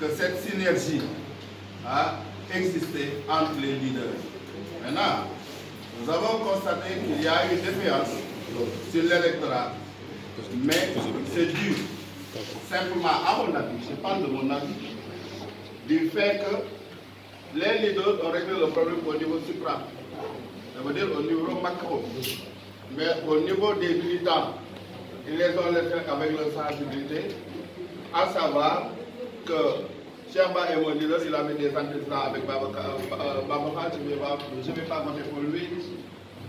que cette synergie a existé entre les leaders. Maintenant, nous avons constaté qu'il y a une défiance sur l'électorat, mais c'est dû simplement, à mon avis, je parle de mon avis, du fait que les leaders ont réglé le problème au niveau suprême, ça veut dire au niveau macro, mais au niveau des militants, ils les ont laissés avec leur sensibilité, à savoir que Sherba est mon il a mis des années avec Bamba. Euh, je ne vais, pas, manger pour lui.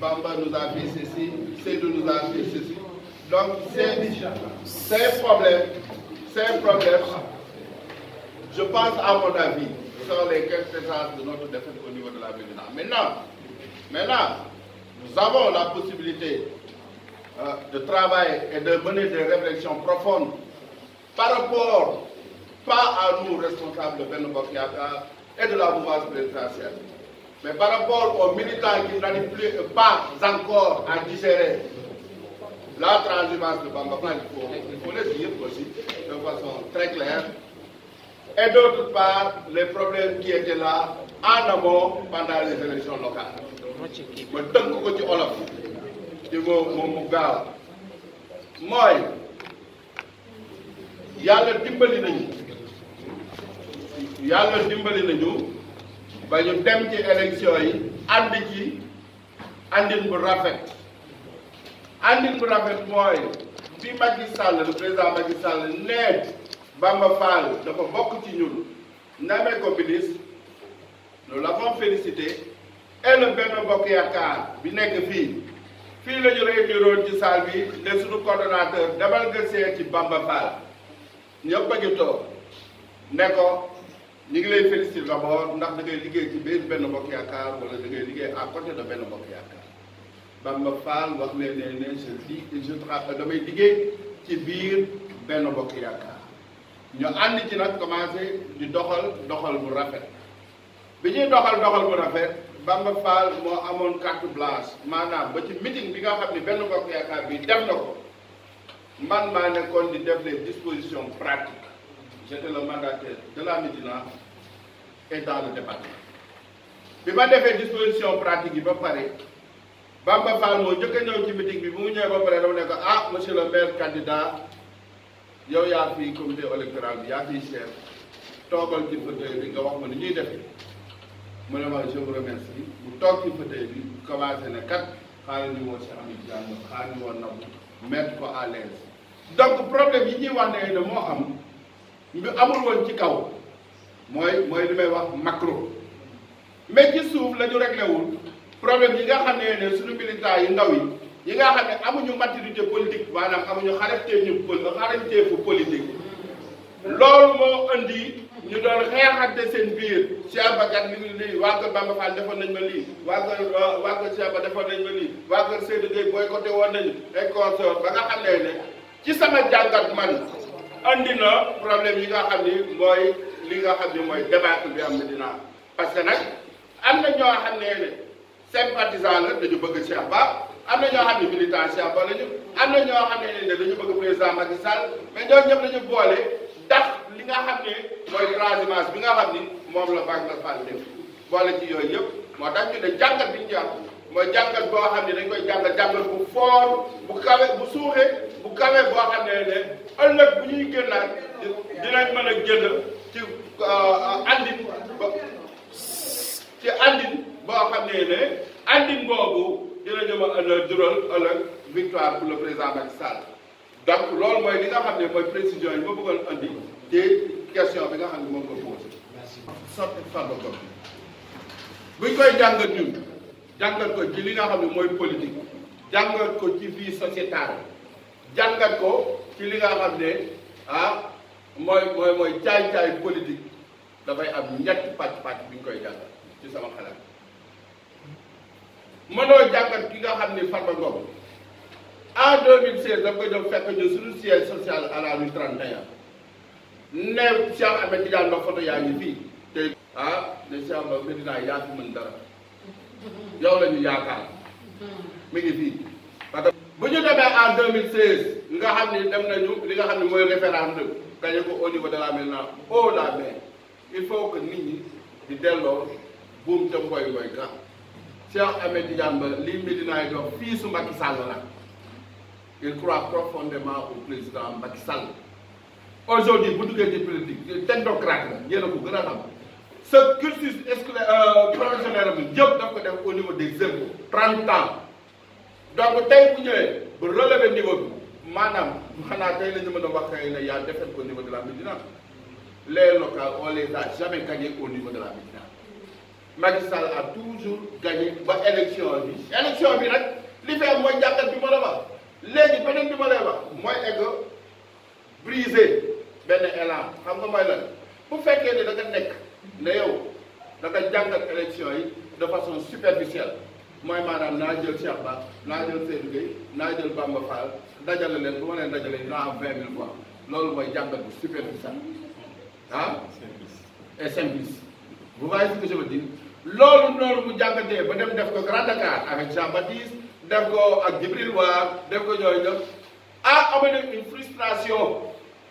Bamba nous a fait ceci, Cédou nous a fait ceci. Donc, c'est ces problèmes, ces problèmes, je pense à mon avis, sur les questions de notre défense au niveau de la Bénin. Maintenant, maintenant, nous avons la possibilité euh, de travailler et de mener des réflexions profondes par rapport pas à nous, responsables de Ben et de la mouvance présidentielle, mais par rapport aux militants qui n'arrivent pas encore à digérer la transhumance de Bamba il faut, il le dire aussi de façon très claire. Et d'autre part, les problèmes qui étaient là en amont pendant les élections locales. Moi, vous ko ci yàlla dimbali nañu ba ñu dem ci élection yi ànd ci àndin bu rafet àndin bu rafet mooy bi Macky Sall le président Macky Sall nee Bamba Fall dafa bokk ci ñun namee ko ministre nous l'avons félicité et le Bokk Yaakaar bi nekk fii fii la ñu réuniroon ci salle bi ne suñu coordonnateur demal nga seet ci Bamba Fall ñëpp a ñu toog ne ko ñu ngi lay féliciter d'abord ndax da ngay liggéey ci biir benn bokk yaakaar wala da ngay liggéey à côté de benn bokk yaakaar Bamba Fall euh, damay liggéey ci biir benn bokk yaakaar ñu ànd ci nag commencé di doxal doxal bu rafet bi ñuy doxal doxal bu rafet Bamba Fall moo amoon carte blanche maanaam ba ci meeting bi nga xam ni benn bokk yaakaar bi def na ko man maa nekkoon di def les dispositions pratiques. j'étais le mandataire de la Médina et dans le bi ma defee disposition pratique yi ba pare Bamba Fall moo njëkk a ñëw ci meeting bi bu mu ñëwee ba pare dama ne ko ah yow yaa fi comité électoral bi yaa fiy chef toogal ci fauteuil bi nga ma ni ñuy defee mu ne ma je vous remercie mu toog ci fauteuil bi commencé na kat xaaral ñu woon si amit jàng xaaral ñu woon na mettre ko à l'aise donc ne moo am lu amul woon ci kaw mooy mooy li may wax macro mais ci suuf la ñu réglé wul problème yi nga xam ne ne suñu militants yi ndaw yi yi nga xam ne amuñu maturité politique maanaam amuñu xarañte ñu xarañteefu politique loolu moo indi ñu doon xeexante seen biir Cheikh Bakar mi ngi lii waa kër Bamba Fall defoon nañ ma lii waa kër euh, waa kër Cheikh Ba defoon nañ ma lii waa kër Seydou Gueye boycotté woon nañu et consort ba nga xam ne ne ci sama jàngat ma andi na problème yi nga xam ni mooy li nga xam ni mooy débâcle bi am Médina parce que nag am na ñoo xam ne ne sympathisant la dañu bëgg Cheikh Ba am na ñoo xam ne militant Cheikh am na ñoo xam ne ne dañu bëgg président Macky Sall mais ñoo li nga xam ne mooy transhumance bi nga xam ni moom la Bac la Fall def boole ci yooyu yëpp moo tax ñu ne jàngat bi ñu jàpp mooy jàngat boo xam ne dañ koy jàngat jàngat bu fort bu kawe bu suuxee bu kawe boo xam ne ne ëllëg ñuy gënnaat dinañ mën a génn ci euh, andin ba ci andin boo xam ne ne andin boobu dinañu ma ëllëg jural ëllëg victoire pour le président Macky Sall donc loolu mooy li nga xam ne mooy précision yi ma bëggoon andi te question bi nga xam ne moom nga posé. merci sotti koy jàngat ñun jàngat ko ci li nga xam ne mooy politique jàngat ko ci vie sociétale jàngat ko ci li nga xam ne. ah mooy mooy mooy caay-caay politique dafay am ñetti pàcc-pàcc bi ñu koy jàngal ci sama xalaat mënoo jàngal ki nga xam ni Farba Ngom en 2016 da koy def fekk ñu suñu siège social à la rue 31 ne Cheikh Ahmed Tidiane Ndao photo yaa ngi fii te ah ne Cheikh Ndao Medina yaa fi mën dara yow la ñu yaakaar mi ngi fii bu ñu demee en 2016 nga xam ni dem nañu li nga xam ni mooy référendum gañe ko au niveau de la Médina haut la main il faut que nit ñi di delloo buum te mboy mboy ga Cheikh Ahmed Tidiane Ba li Médina yi dox fii su Macky Sall la il croit profondément au président Macky Sall aujourd'hui bu duggee ci politique technocrate la yéen a ko gën a xam ce cursus scolaire euh, professionnel bi yëpp daf ko def au niveau des impôts 30 ans donc tay bu ñëwee bu relever niveau bi maanaam xanaa tey la ñu mën a wax kay na ya défet ko niveau de la Médina les locales on les a jamais gagné au niveau de la Médina Macky Sall a toujours gagné ba élection bi élection bi nak li fé am mooy jàngat bi ma la wax légui benen bi ma wax moy egg brisé ben élan xam nga moy lan bu fekkee ni da nga nek ne yow da nga jangal élection yi de façon superficielle moy maanaam naa jël Cheikh Ba naa jël Seydou Gueye naa jël Bamba Fall dajale leen bu ma leen dajalee naa am vingt mille fois loolu mooy jàngat bu superficiel ah. et simplice. vous voyez ce que je veux dire loolu noonu mu jàngatee ba dem def ko Grand Dakar avec Jean Baptiste def ko ak Djibril War def ko ñooñu ñëpp a ah, amené une frustration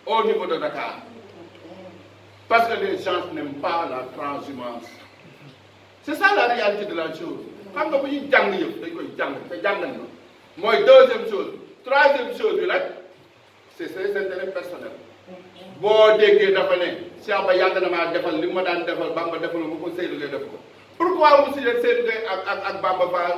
au niveau de Dakar parce que les gens n'aiment pas la transhumance c'est ça la réalité de la chose. xam nga bu ñuy jàng yëpp dañ koy jàng te jàngal na mooy deuxième chose troisième chose bi nag c'est ses intérêts personnels boo déggee dafa ne Cheikh Ba yàgg na maa defal li ma daan defal Bamba defal ma ko Seydou Gueye def ko pourquoi mu si leen se Gueye ak ak ak Bamba Fall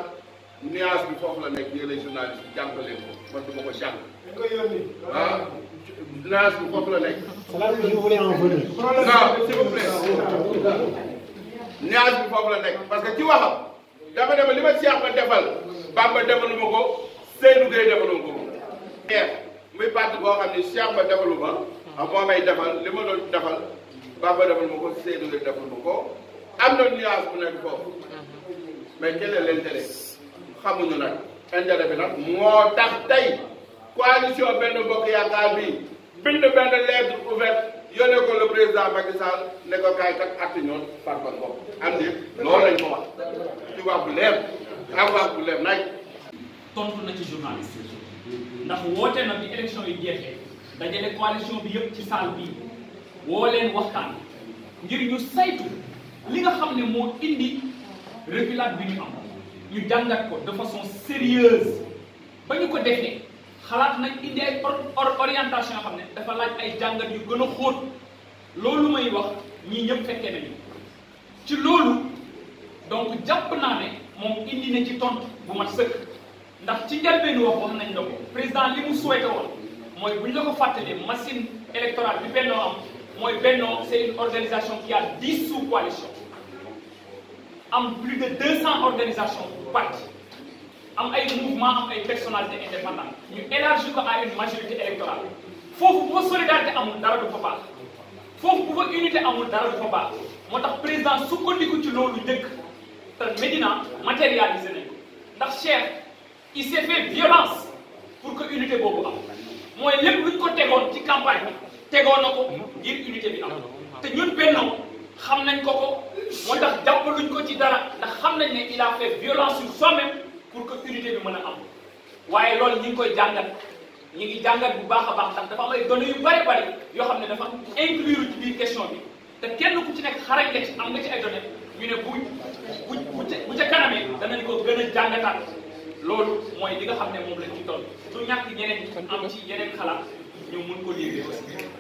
nuance bi foofu la nekk yéen lay journaliste ko man du ma ko jàng. dañ koy yónni. Ah, bi foofu la nekk. là je voulais en venir. bi foofu la nekk parce que ci waxam. dama ne li ma Cheikh ba defal Bamba defalu ma ko Seydou Gueye defalu ko xeex muy parti boo xam ne Cheikh ba defalu ma a ah, moo may defal li ma doon defal Bamba defal ma ko Seydou Gueye defal ma ko am na nuance bu nekk foofu mais quel est l'intérêt xamuñu nag intérêt bi nag moo tax tey coalition benn bokk yaakaar bi bind benn lettre ouverte yónnee ko le président Macky Sall ne ko kaay tak atti ñoon par par bopp am di loolu lañ bu leer renvoi bu leer naaj. na ci journaliste ndax woote na bi élection yi jeexee dajale coalition bi yëpp ci saal bi woo leen waxtaan ngir ñu saytu li nga xam ne moo indi reculade bi ñu am ñu jàngat ko de façon sérieuse ba ñu ko defee xalaat nañ indi ay orientation yoo xam ne dafa laaj ay jàngat yu gën a xóot loolu may wax ñii ñëpp fekkee nañu ci loolu. donc japp naa ne moom indi na ci tontu bu mat sëkk ndax ci njëlbéenu wax wax nañ ko président li mu souhaité woon mooy buñ la machine électorale bi bennoo am c'est une organisation qui a 10 sous-coalitions am plus de 200 organisations partis am ay mouvement am ay personnalités indépendantes ñu élargir ko à une majorité électorale foofu bu fa solidarité amul dara du fa baax foofu bu fa unité amul dara du fa baax moo tax président sukkandiku ci loolu njëkk te Médina matérialisé nañ ko ndax Cheikh il s'est fait violence pour que unité bobu am Moy lepp luñ ko tegoon ci campagne bi nako na ngir unité bi am Té ñun Benno xam nañ ko ko moo tax luñ ko ci dara ndax xam nañ né il a fait violence sur soi-même pour que unité bi mëna am waaye lool ñu ngi koy jàngat ñu ngi jàngat bu baax baax ndax dafa am ay données yu bari bari yo xamné dafa inclure ci biir question bi Té kenn ku ci nek xarañ nga ci am nga ci ay données ñu ne bu bu bu ca kanamee danañ ko gën a jàngataat loolu mooy li nga xam ne moom lañ ci toll du ñàkk ñeneen am ci yeneen xalaat ñu mun ko liggéey aussi